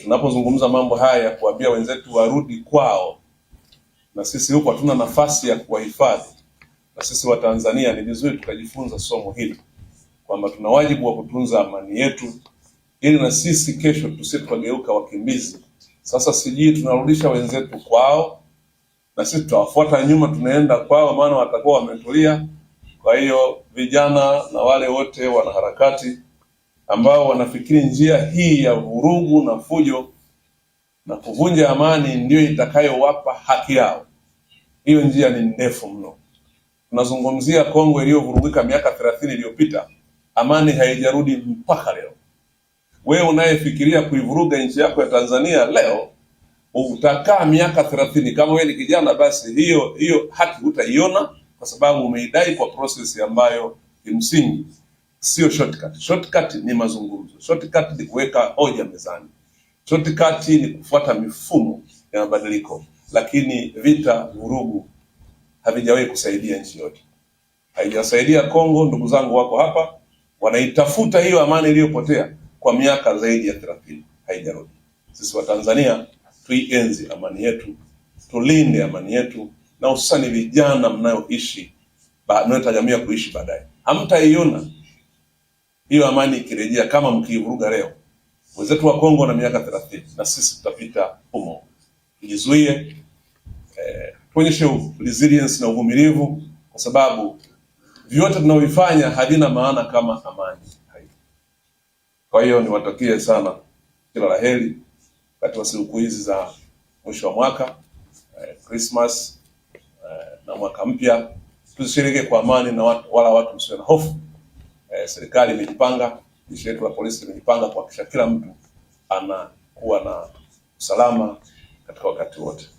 Tunapozungumza mambo haya ya kuambia wenzetu warudi kwao, na sisi huko hatuna nafasi ya kuwahifadhi, na sisi Watanzania ni vizuri tukajifunza somo hili kwamba tuna wajibu wa kutunza amani yetu, ili na sisi kesho tusie tukageuka wakimbizi. Sasa sijui tunarudisha wenzetu kwao, na sisi tutawafuata nyuma, tunaenda kwao, maana watakuwa wametulia. Kwa hiyo vijana na wale wote wanaharakati ambao wanafikiri njia hii ya vurugu na fujo na kuvunja amani ndiyo itakayowapa haki yao. Hiyo njia ni ndefu mno. Tunazungumzia Kongo iliyovurugika miaka thelathini iliyopita, amani haijarudi mpaka leo. Wewe unayefikiria kuivuruga nchi yako ya Tanzania leo utakaa miaka thelathini. Kama wewe ni kijana, basi hiyo hiyo haki hutaiona, kwa sababu umeidai kwa prosesi ambayo kimsingi sio shortcut. Shortcut ni mazungumzo, shortcut ni kuweka hoja mezani, shortcut ni kufuata mifumo ya mabadiliko, lakini vita, vurugu havijawahi kusaidia nchi yote, haijasaidia Kongo. Ndugu zangu wako hapa wanaitafuta hiyo amani iliyopotea kwa miaka zaidi ya 30 haijarudi. Sisi Watanzania tuienzi amani yetu, tulinde amani yetu, na hususani vijana mnayoishi mnayotarajia kuishi baadaye, hamtaiona hiyo amani ikirejea, kama mkiivuruga leo, wenzetu wa Kongo na miaka thelathini, na sisi tutapita humo. Tujizuie eh, tuonyeshe resilience na uvumilivu, kwa sababu vyote tunavyofanya havina maana kama amani hai. Kwa hiyo niwatakie sana kila la heri katika sikukuu hizi za mwisho wa mwaka eh, Christmas eh, na mwaka mpya, tuzishirike kwa amani na watu, wala watu msiwe na hofu eh, serikali imejipanga, jeshi letu la polisi limejipanga kuhakikisha kila mtu anakuwa na usalama katika wakati wote.